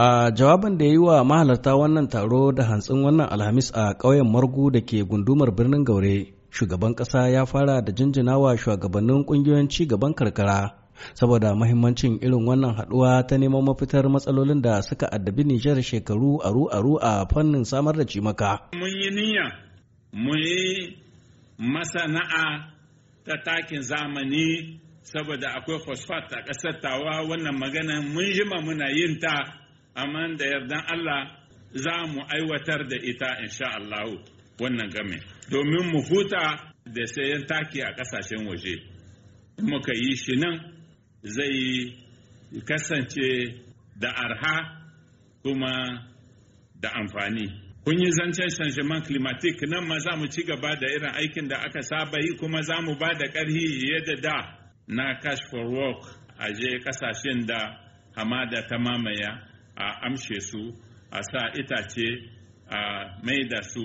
A jawaban da ya yi wa mahalarta wannan taro da hantsin wannan Alhamis a ƙauyen Margu da ke gundumar birnin Gaure, shugaban ƙasa ya fara da jinjinawa shugabannin ƙungiyoyin ci gaban karkara saboda mahimmancin irin wannan haɗuwa ta neman mafitar matsalolin da suka addabi Nijar shekaru aru-aru a fannin samar da cimaka. Mun yi niyya, mu yi masana'a ta takin zamani saboda akwai phosphate a ƙasar tawa wannan magana mun jima muna yin ta Aman da yardan Allah za mu aiwatar da ita insha Allah, wannan game domin mu huta da sayan taki a kasashen waje muka yi shi nan zai kasance da arha kuma da amfani kun yi zancen changement climatique nan ma za mu ci gaba da irin aikin da aka saba yi kuma za mu ba da ƙarhi yadda da na cash for work a je kasashen da hamada ta mamaya a amshe su a sa itace a mai da su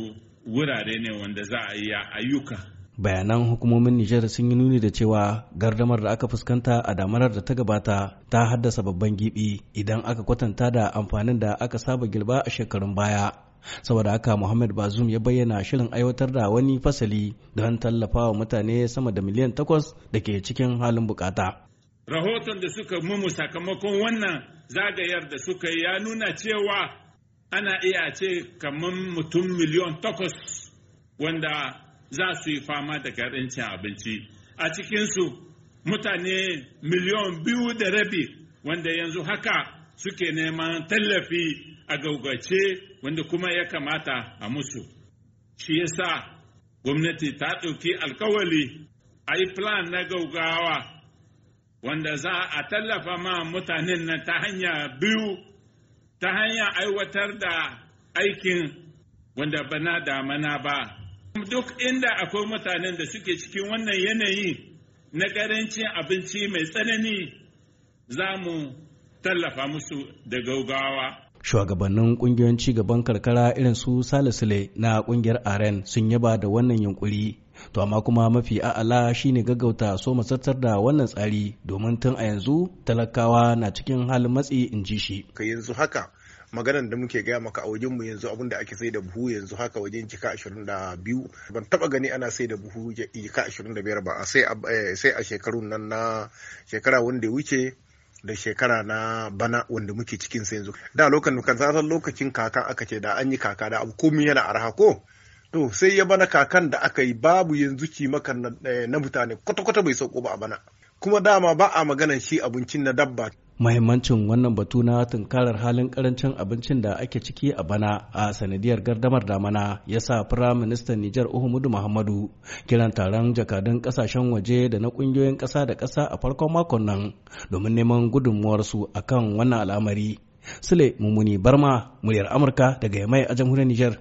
wurare ne wanda za a yi ayyuka bayanan hukumomin nijar sun yi nuni da cewa gardamar da aka fuskanta a damarar da ta gabata ta haddasa babban gibi idan aka kwatanta da amfanin da aka saba girba a shekarun baya saboda haka muhammad bazum ya bayyana shirin aiwatar da wani fasali don tallafa wa mutane sama da miliyan takwas da ke cikin halin bukata rahoton da suka mumu sakamakon wannan zagayar da suka yi ya nuna cewa ana iya ce kamar mutum miliyon takwas wanda za su yi fama da karancin abinci a cikinsu mutane miliyon biyu da rabi wanda yanzu haka suke neman tallafi a gaugace wanda kuma ya kamata a musu shi yasa gwamnati ta ɗauki alkawali a yi plan na gaugawa wanda za a tallafa ma mutanen na ta hanya biyu ta hanya aiwatar da aikin wanda bana da mana ba duk inda akwai mutanen da suke cikin wannan yanayi na ƙarancin abinci mai tsanani za mu tallafa musu da gaugawa shugabannin kungiyoyin gaban karkara irin su salisile na kungiyar aren sun yaba da wannan yunkuri to amma kuma mafi a'ala shine gaggauta so masattar da wannan tsari domin tun a yanzu talakawa na cikin halin matsi in ji shi ka yanzu haka maganar da muke gaya maka a wajenmu yanzu abin da ake sai da buhu yanzu haka wajen jika 22 ban taba gani ana sai da buhu jika 25 ba eh, sai a shekarun nan na shekara wanda ya wuce da shekara na bana wanda muke cikin sa yanzu da lokacin kan san lokacin kaka aka ce da an yi kaka da abu komai yana arha ko to sai ya bana kakan da aka yi babu yanzu kimakan eh, na mutane kwata-kwata bai sauko ba a bana kuma dama ba a maganan shi abincin na dabba mahimmancin wannan batu na tunkarar halin karancin abincin da ake ciki a bana a sanadiyar gardamar damana ya sa firayim ministan nijar uhumudu muhammadu kiran taron jakadun kasashen waje da na kungiyoyin kasa da kasa a farkon makon nan domin neman gudunmuwarsu kan wannan al'amari sule mummuni barma muryar amurka daga yamai a jamhuriyar nijar